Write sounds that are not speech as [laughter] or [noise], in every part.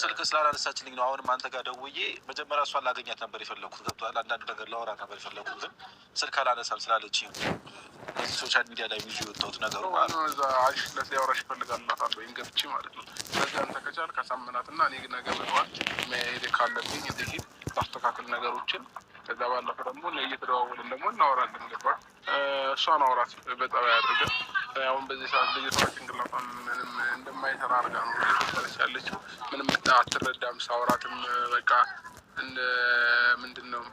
ስልክ ስላላነሳችልኝ ነው። አሁንም አንተ ጋር ደውዬ መጀመሪያ እሷን ላገኛት ነበር የፈለኩት። ገብቶሃል? አንዳንድ ነገር ላወራት ነበር የፈለኩት፣ ግን ስልክ አላነሳም ስላለች ሶሻል ሚዲያ ላይ ብዙ የወጣሁት ነገሩ ማለት ሊያወራሽ ይፈልጋል ወይም ገብቼ ማለት ነው። ስለዚህ አንተ ከቻል ከሳምናት እና እኔ ነገ ብለዋል መሄድ ካለብኝ ሄድ ላስተካክል ነገሮችን። ከዛ ባለፈ ደግሞ እየተደዋወልን ደግሞ እናወራለን። ገባህ? እሷን አውራት በጠባ ያደርገ አሁን በዚህ ሰዓት ልጅቷ ጭንቅላቷ ምንም እንደማይሰራ አርጋ ነው ያለች። ምንም አትረዳም። ሳውራትም በቃ ምንድን ነው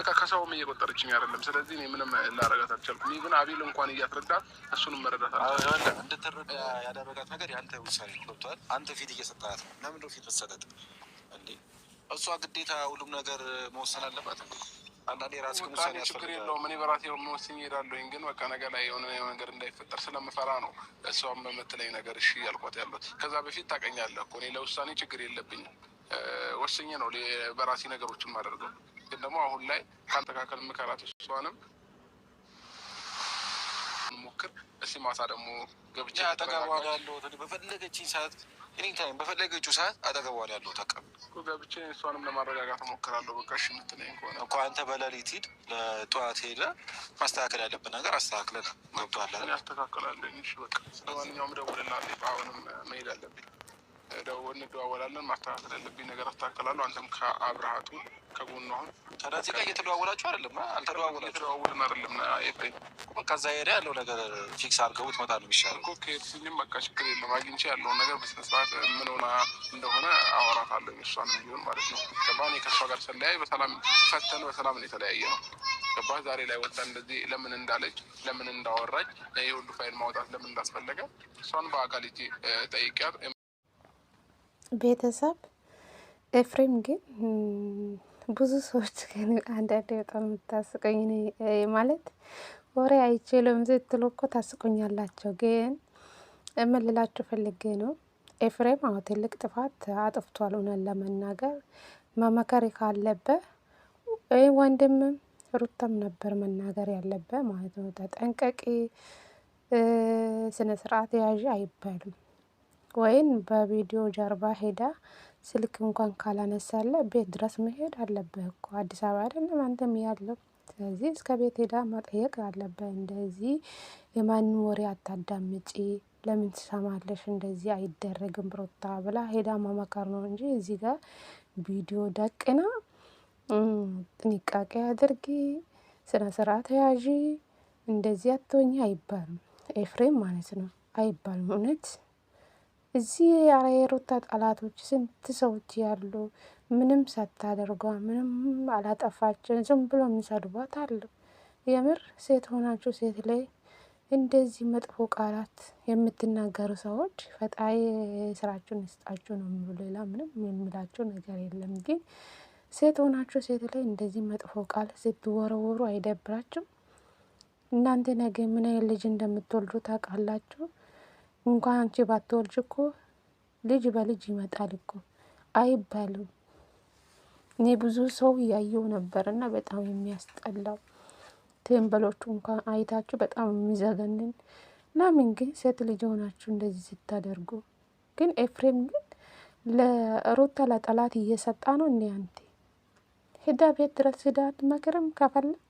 በቃ ከሰውም እየቆጠረችኝ አይደለም። ስለዚህ እኔ ምንም ላረጋት አልቻልኩም። ግን አቤል እንኳን እያስረዳት እሱንም መረዳት አለ። እንድትረዳ ያደረጋት ነገር የአንተ ውሳኔ ገብቷል። አንተ ፊት እየሰጠናት ነው። ለምንድ ፊት መሰጠት እንዴ? እሷ ግዴታ ሁሉም ነገር መወሰን አለባት። አንዳንዴ የራስህን ውሳኔ ችግር የለውም። እኔ በራሴ የምወስኝ እሄዳለሁኝ፣ ግን በቃ ነገ ላይ የሆነ ነገር እንዳይፈጠር ስለምፈራ ነው። እሷም በምትለኝ ነገር እሺ ያልኳት ያሉት ከዛ በፊት ታቀኛለ እኮ እኔ ለውሳኔ ችግር የለብኝም። ወስኝ ነው በራሴ ነገሮችን ማደርገው። ግን ደግሞ አሁን ላይ ካንተካከል ምከራት፣ እሷንም ሞክር እስቲ። ማሳ ደግሞ ገብቼ አጠገቧ ያለሁት በፈለገችኝ ሰዓት፣ ኤኒ ታይም በፈለገችው ሰዓት አጠገቧ ያለሁት አቀብ ገብቼ እሷንም ለማረጋጋት እሞክራለሁ። በቃ እሺ የምትለኝ ከሆነ እኮ አንተ በሌሊት ሂድ፣ ጠዋት ሄደህ ማስተካከል ያለብን ነገር አስተካክለን ገብቷለ ያስተካከላለኝ። እሺ በቃ ለማንኛውም ደውልልሃለሁ። አሁንም መሄድ አለብኝ። ደውል፣ እንደዋወላለን። ማስተካከል ያለብኝ ነገር አስተካክላለሁ። አንተም ከአብርሃቱ ከጎኑ አሁን ከዚህ ጋር እየተደዋወላችሁ አይደለም፣ አልተደዋወላችሁም አይደለም። በቃ እዛ ያለው ነገር ፊክስ አድርገው ትመጣ ነው የሚሻለው በቃ ችግር የለም። አግኝቼ ያለውን ነገር ምን ሆና እንደሆነ አወራታለሁ። እሷን ቢሆን ማለት ነው እኔ ከእሷ ጋር ስለያይ በሰላም ፈተን በሰላም የተለያየ ነው ዛሬ ላይ ወጣ እንደዚህ ለምን እንዳለች ለምን እንዳወራች የሁሉ ፋይል ማውጣት ለምን እንዳስፈለገ እሷን በአካል ሂጅ ጠይቂያት። ቤተሰብ ኤፍሬም ግን ብዙ ሰዎች ግን አንዳንዴ በጣም የምታስቀኝ ማለት ወሬ አይችልም ስትሉ እኮ ታስቆኛላቸው። ግን እምልላችሁ ፈልጌ ነው ኤፍሬም አዎ ትልቅ ጥፋት አጥፍቷል። እውነቱን ለመናገር መመከሪ ካለበት ወንድምም ሩታም ነበር መናገር ያለበ ማለት ነው። ተጠንቀቂ፣ ስነ ስርዓት ያዥ አይባልም ወይም በቪዲዮ ጀርባ ሄዳ ስልክ እንኳን ካላነሳለ ቤት ድረስ መሄድ አለብህ እኮ አዲስ አበባ አይደለም አንተም ያለው። ስለዚህ እስከ ቤት ሄዳ መጠየቅ አለብህ። እንደዚህ የማንም ወሬ አታዳምጪ ለምን ትሰማለሽ? እንደዚህ አይደረግም ብሮታ ብላ ሄዳ መመከር ነው እንጂ እዚህ ጋር ቪዲዮ ደቅና ጥንቃቄ አድርጊ፣ ስነ ስርዓት ያዢ፣ እንደዚህ አትሆኚ አይባልም። ኤፍሬም ማለት ነው አይባልም እውነት እዚህ የሩታ ጠላቶች ስንት ሰዎች ያሉ ምንም ሳታደርጓ ምንም አላጠፋቸው ዝም ብሎ የሚሰድቧት አሉ። የምር ሴት ሆናችሁ ሴት ላይ እንደዚህ መጥፎ ቃላት የምትናገሩ ሰዎች ፈጣሪ ስራችሁን ይስጣችሁ ነው የሚሉ ሌላ ምንም የሚላቸው ነገር የለም። ግን ሴት ሆናችሁ ሴት ላይ እንደዚህ መጥፎ ቃል ስትወረወሩ አይደብራችሁ? እናንተ ነገ ምን ልጅ እንደምትወልዱ ታውቃላችሁ? እንኳን አንቺ ባትወልጅ እኮ ልጅ በልጅ ይመጣል እኮ አይባልም። እኔ ብዙ ሰው እያየው ነበር እና በጣም የሚያስጠላው ቴምበሎቹ እንኳን አይታችሁ በጣም የሚዘገንን ምናምን። ግን ሴት ልጅ ሆናችሁ እንደዚህ ስታደርጉ ግን ኤፍሬም ግን ለሩታ ለጠላት እየሰጣ ነው። እኔ አንቲ ሂዳ ቤት ድረስ ሂዳ ትመክርም ከፈለግ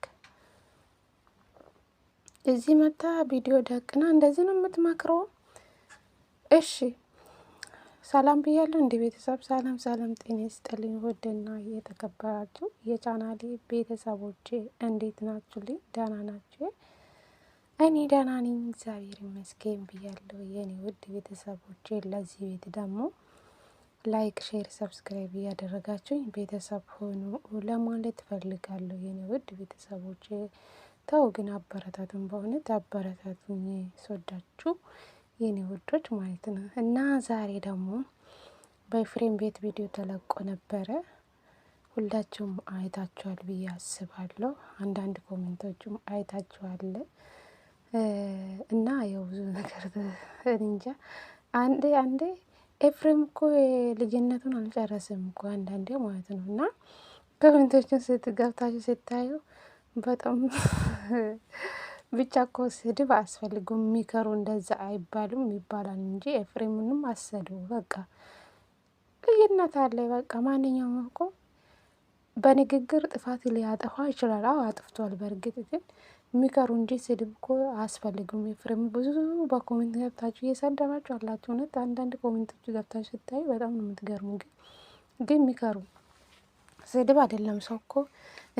እዚህ መታ ቪዲዮ ደቅና እንደዚህ ነው የምትመክረው። እሺ ሰላም ብያለሁ። እንዲህ ቤተሰብ ሰላም ሰላም፣ ጤና ይስጥልኝ። ውድና የተከበራችሁ የቻናሌ ቤተሰቦቼ እንዴት ናችሁልኝ? ደህና ናችሁ? እኔ ደህና ነኝ፣ እግዚአብሔር ይመስገን ብያለሁ። የኔ ውድ ቤተሰቦቼ ለዚህ ቤት ደግሞ ላይክ፣ ሼር፣ ሰብስክራይብ እያደረጋችሁኝ ቤተሰብ ሆኑ ለማለት ፈልጋለሁ። የኔ ውድ ቤተሰቦቼ ተው ግን አበረታቱን፣ በእውነት አበረታቱኝ፣ ስወዳችሁ የኔ ውዶች ማለት ነው። እና ዛሬ ደግሞ በኤፍሬም ቤት ቪዲዮ ተለቆ ነበረ። ሁላችሁም አይታችኋል ብዬ አስባለሁ። አንዳንድ ኮሜንቶችም አይታችኋል እና ያው ብዙ ነገር እንጃ። አንዴ አንዴ ኤፍሬም እኮ ልጅነቱን አልጨረስም እኮ አንዳንዴ ማለት ነው እና ኮሜንቶችን ስትገብታችሁ ስታዩ በጣም ብቻ እኮ ስድብ አያስፈልጉም። የሚከሩ እንደዛ አይባሉም ይባላል እንጂ ኤፍሬምንም አሰድቡ። በቃ ልዩነት አለ። በቃ ማንኛውም እኮ በንግግር ጥፋት ሊያጠፋ ይችላል። አዎ አጥፍቷል። በእርግጥ ግን የሚከሩ እንጂ ስድብ እኮ አያስፈልግም። ኤፍሬም ብዙ በኮሜንት ገብታችሁ እየሰደባችሁ አላችሁ። እውነት አንዳንድ ኮሜንቶች ገብታችሁ ስታይ በጣም ነው የምትገርሙ። ግን ግን የሚከሩ ስድብ አይደለም። ሰው እኮ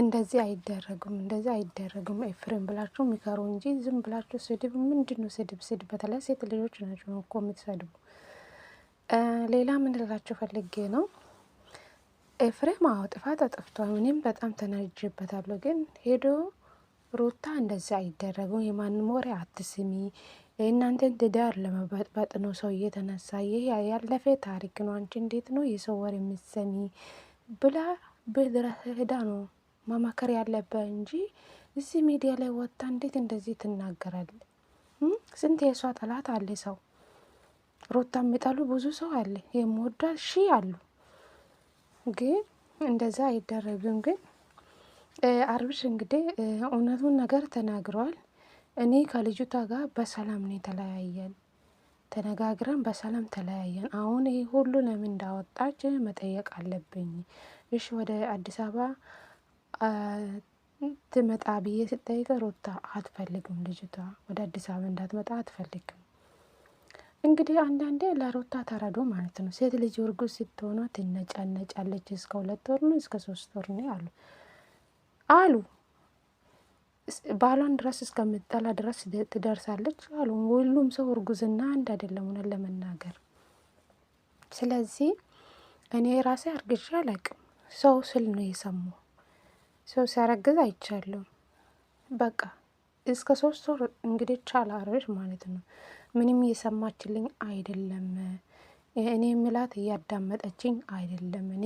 እንደዚህ አይደረግም እንደዚህ አይደረግም ኤፍሬም ብላችሁ ሚከሩ እንጂ ዝም ብላችሁ ስድብ ምንድን ነው ስድብ? ስድብ በተለይ ሴት ልጆች ናቸው እኮ የምትሰድቡ። ሌላ ምን ልላችሁ ፈልጌ ነው ኤፍሬም አዎ ጥፋት አጥፍቷል። እኔም በጣም ተናጅበታለሁ። ግን ሄዶ ሩታ እንደዚህ አይደረግም፣ የማንም ወሬ አትስሚ፣ እናንተን ትዳር ለመበጥበጥ ነው ሰው እየተነሳ ይህ ያለፈ ታሪክ ነው፣ አንቺ እንዴት ነው የሰው ወሬ የምትሰሚ ብላ ብድረ ህዳ ነው ማማከር ያለበት እንጂ እዚህ ሚዲያ ላይ ወጥታ እንዴት እንደዚህ ትናገራል? ስንት የእሷ ጠላት አለ። ሰው ሩታ የሚጠሉ ብዙ ሰው አለ፣ የምወዳ ሺ አሉ። ግን እንደዛ አይደረግም። ግን አብርሽ እንግዲህ እውነቱን ነገር ተናግሯል። እኔ ከልጅቷ ጋር በሰላም ነው የተለያየን፣ ተነጋግረን በሰላም ተለያየን። አሁን ይህ ሁሉ ለምን እንዳወጣች መጠየቅ አለብኝ። እሺ ወደ አዲስ አበባ ትመጣ ብዬ ስጠይቀ ሮታ አትፈልግም፣ ልጅቷ ወደ አዲስ አበባ እንዳትመጣ አትፈልግም። እንግዲህ አንዳንዴ ለሮታ ተረዶ ማለት ነው። ሴት ልጅ እርጉዝ ስትሆኗ ትነጫነጫለች። እስከ ሁለት ወር ነው እስከ ሶስት ወር ነው አሉ አሉ ባሏን ድረስ እስከምጠላ ድረስ ትደርሳለች አሉ። ሁሉም ሰው እርጉዝና አንድ አይደለም ሆነን ለመናገር ስለዚህ እኔ ራሴ አርግዣ አላቅም። ሰው ስል ነው የሰማው። ሰው ሲያረግዝ አይቻለሁ። በቃ እስከ ሶስት ወር እንግዲህ ቻላረሽ ማለት ነው። ምንም እየሰማችልኝ አይደለም። እኔ ምላት እያዳመጠችኝ አይደለም። እኔ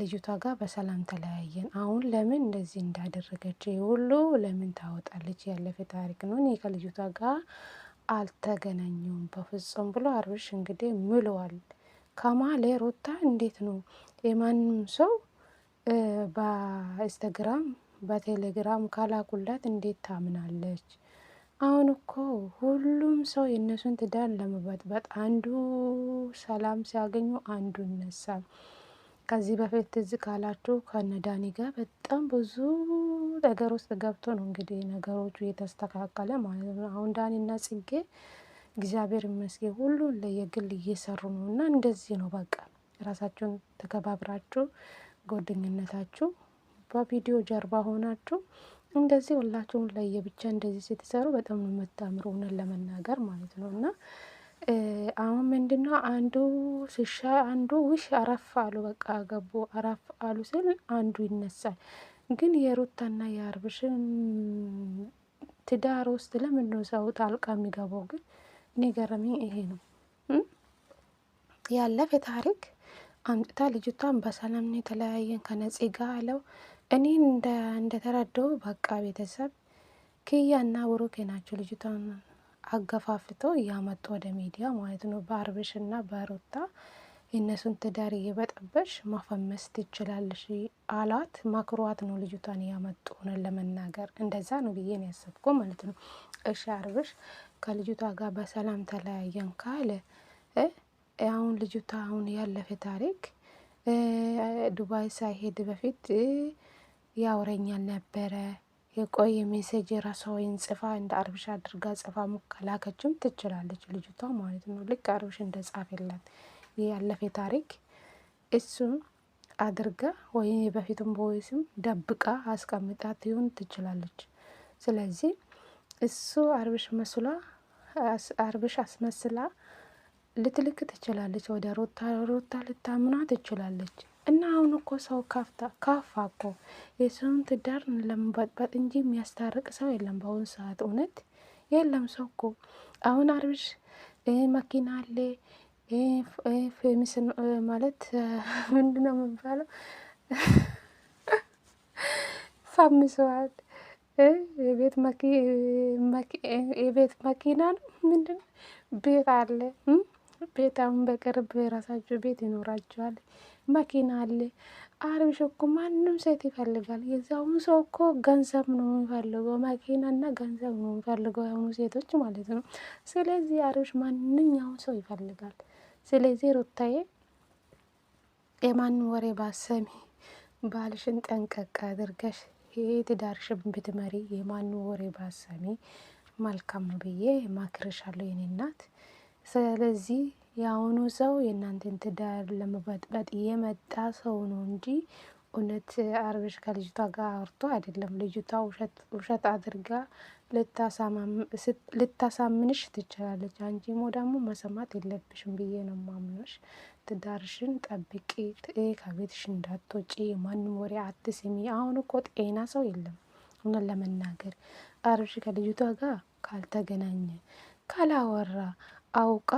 ልጅቷ ጋር በሰላም ተለያየን። አሁን ለምን እንደዚህ እንዳደረገች ሁሉ ለምን ታወጣለች? ያለፈ ታሪክ ነው። እኔ ከልጅቷ ጋር አልተገናኘውም በፍጹም ብሎ አብርሽ እንግዲህ ምሏል። ከማሌ ሩታ እንዴት ነው የማንም ሰው በኢንስታግራም በቴሌግራም ካላኩላት እንዴት ታምናለች? አሁን እኮ ሁሉም ሰው የእነሱን ትዳር ለመበጥበጥ አንዱ ሰላም ሲያገኙ አንዱ ይነሳል። ከዚህ በፊት ትዝ ካላችሁ ከነዳኒ ጋር በጣም ብዙ ነገር ውስጥ ገብቶ ነው እንግዲህ ነገሮቹ እየተስተካከለ ማለት ነው። አሁን ዳኒና ጽጌ እግዚአብሔር ይመስገን ሁሉን ለየግል እየሰሩ ነው እና እንደዚህ ነው በቃ ራሳችሁን ተከባብራችሁ ጓደኝነታችሁ በቪዲዮ ጀርባ ሆናችሁ እንደዚህ ሁላችሁም ለየብቻ እንደዚህ ስትሰሩ በጣም ነው የምታምሩ፣ እውነት ለመናገር ማለት ነው። እና አሁን ምንድን ነው አንዱ ሲሻ አንዱ ውሽ አረፍ አሉ፣ በቃ ገቡ አረፍ አሉ ስል አንዱ ይነሳል። ግን የሩታና የአብርሽን ትዳር ውስጥ ለምን ነው ሰው ጣልቃ የሚገባው? ግን እኔ ገረመኝ ይሄ ነው ያለፈ ታሪክ አምጥታ ልጅቷን በሰላም ነው የተለያየን ከነጽ ጋር አለው። እኔ እንደተረዳው በቃ ቤተሰብ ክያና ብሩኬ ናቸው ልጅቷን አገፋፍተው እያመጡ ወደ ሚዲያ ማለት ነው። በአብርሽ እና በሩታ የእነሱን ትዳር እየበጠበሽ ማፈመስ ትችላለሽ አላት። መክሯት ነው ልጅቷን እያመጡ ነው ለመናገር እንደዛ ነው ብዬን ነው ያሰብኩ ማለት ነው። እሺ አብርሽ ከልጅቷ ጋር በሰላም ተለያየን ካለ አሁን ልጅቷ አሁን ያለፈ ታሪክ ዱባይ ሳይሄድ በፊት ያውረኛል ነበረ። የቆየ ሜሴጅ የራሷን ጽፋ እንደ አርብሽ አድርጋ ጽፋ ሙከላከችም ትችላለች ልጅቷ ማለት ነው። ልክ አርብሽ እንደ ጻፈላት ያለፈ ታሪክ እሱ አድርጋ ወይም የበፊቱን ቦይስም ደብቃ አስቀምጣ ትሆን ትችላለች። ስለዚህ እሱ አርብሽ መስሏ አርብሽ አስመስላ ልትልክ ትችላለች፣ ወደ ሮታ ሮታ ልታምና ትችላለች። እና አሁን እኮ ሰው ካፍታ ካፋ እኮ የሰውን ትዳር ለመበጥበጥ እንጂ የሚያስታርቅ ሰው የለም በአሁኑ ሰዓት እውነት የለም። ሰው እኮ አሁን አርብሽ መኪና አለ ፌሚስ ማለት [laughs] ምንድን ነው የሚባለው? ሳምሰዋል [laughs] የቤት መኪና ነው ምንድን ቤት አለ ቤት አሁን በቅርብ የራሳቸው ቤት ይኖራቸዋል፣ መኪና አለ። አብርሽ እኮ ማንም ሴት ይፈልጋል። የዛውም ሰው እኮ ገንዘብ ነው የሚፈልገው፣ መኪናና ገንዘብ ነው የሚፈልገው የሆኑ ሴቶች ማለት ነው። ስለዚህ አብርሽ ማንኛውም ሰው ይፈልጋል። ስለዚህ ሩታዬ የማን ወሬ ባሰሚ ባልሽን ጠንቀቅ አድርገሽ ትዳርሽን ብትመሪ የማን ወሬ ባሰሚ መልካም ብዬ ማክርሻለሁ የኔ እናት። ስለዚህ የአሁኑ ሰው የእናንተን ትዳር ለመበጥበጥ የመጣ ሰው ነው እንጂ እውነት አብርሽ ከልጅቷ ጋር አውርቶ አይደለም። ልጅቷ ውሸት አድርጋ ልታሳምንሽ ትችላለች። አንቺ ሞ ደግሞ መሰማት የለብሽም ብዬ ነው ማምኖሽ። ትዳርሽን ጠብቂ፣ ከቤትሽ እንዳትወጪ፣ ማንም ወሬ አትስሚ። አሁን እኮ ጤና ሰው የለም። እውነት ለመናገር አብርሽ ከልጅቷ ጋር ካልተገናኘ ካላወራ አውቃ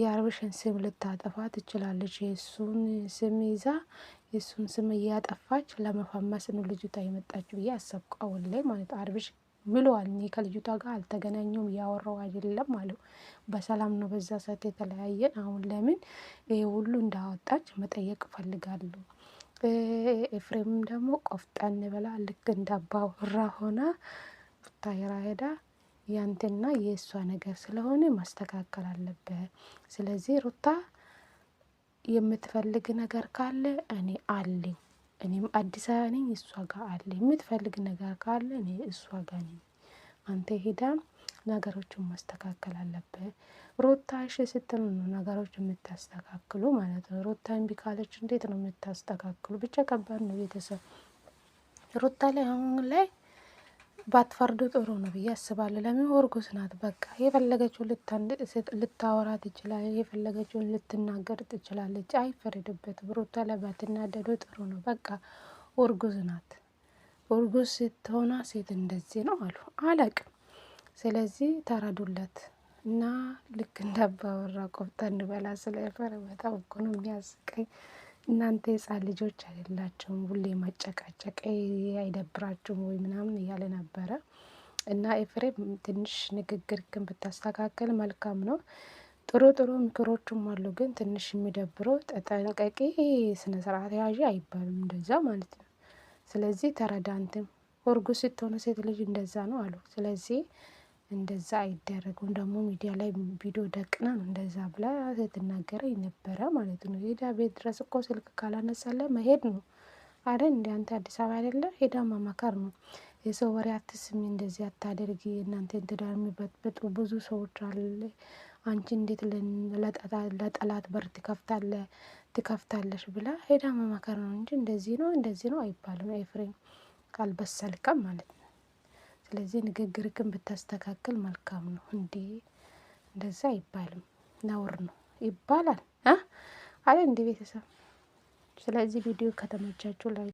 የአብርሽን ስም ልታጠፋ ትችላለች። የእሱን ስም ይዛ የእሱን ስም እያጠፋች ለመፈመስ ነው ልጅቷ የመጣችው ብዬ አሰብኩ። አሁን ላይ ማለት አብርሽ ብለዋል። እኔ ከልጅቷ ጋር አልተገናኘውም እያወራው አይደለም አለው። በሰላም ነው በዛ ሰዓት የተለያየን። አሁን ለምን ይሄ ሁሉ እንዳወጣች መጠየቅ እፈልጋለሁ። ኤፍሬምም ደግሞ ቆፍጠን ብላ ልክ እንዳባወራ ሆና ቡታየራ ሄዳ ያንተና የእሷ ነገር ስለሆነ ማስተካከል አለብህ። ስለዚህ ሩታ የምትፈልግ ነገር ካለ እኔ አለኝ፣ እኔም አዲስ አበባ ነኝ፣ እሷ ጋር አለኝ። የምትፈልግ ነገር ካለ እኔ እሷ ጋር ነኝ። አንተ ሄዳ ነገሮችን ማስተካከል አለብህ። ሩታ እሺ ስትል ነው ነገሮች የምታስተካክሉ ማለት ነው። ሩታ እምቢ ካለች እንዴት ነው የምታስተካክሉ? ብቻ ከባድ ነው ቤተሰብ ሩታ ላይ አሁን ላይ ባትፈርዱ ጥሩ ነው ብዬ አስባለሁ። ለምን እርጉዝ ናት። በቃ የፈለገችውን ልታወራ ትችላለች፣ የፈለገችውን ልትናገር ትችላለች። አይፈረድበት። ብሩታ ላይ ባትናደዱ ጥሩ ነው። በቃ እርጉዝ ናት። እርጉዝ ስትሆና ሴት እንደዚህ ነው አሉ አለቅ። ስለዚህ ተረዱለት እና ልክ እንዳባወራ ቆፍጠን በላ ስለ ፈረ በጣም እኮ ነው የሚያስቀኝ። እናንተ ህፃን ልጆች አይደላችሁም፣ ሁሌ ማጨቃጨቅ አይደብራችሁም ወይ ምናምን እያለ ነበረ እና ኤፍሬም ትንሽ ግን ብታስተካከል መልካም ነው። ጥሩ ጥሩ ምክሮችም አሉ፣ ግን ትንሽ የሚደብረው ተጠንቀቂ፣ ስነ ስርዓት ያዥ አይባልም እንደዛ ማለት ነው። ስለዚህ ተረዳንትም እርጉዝ ስትሆነ ሴት ልጅ እንደዛ ነው አሉ። ስለዚህ እንደዛ አይደረግም ደግሞ ሚዲያ ላይ ቪዲዮ ደቅና ነው እንደዛ ብላ ስትናገረኝ ነበረ ማለት ነው። ሄዳ ቤት ድረስ እኮ ስልክ ካላነሳለ መሄድ ነው አይደል? እንደ አንተ አዲስ አበባ አይደለ? ሄዳ ማማከር ነው። የሰው ወሬ አትስሚ፣ እንደዚህ አታደርጊ፣ እናንተን ትዳር የሚበጥብጡ ብዙ ሰዎች አለ። አንቺ እንዴት ለጠላት በር ትከፍታለ ትከፍታለሽ ብላ ሄዳ ማማከር ነው እንጂ እንደዚህ ነው እንደዚህ ነው አይባልም። ኤፍሬም ካልበሰልከም ማለት ነው። ስለዚህ ንግግርህን ብታስተካክል መልካም ነው። እንዴ እንደዛ አይባልም፣ ነውር ነው ይባላል። አይ እንዲህ ቤተሰብ። ስለዚህ ቪዲዮ ከተመቻችሁ ላይ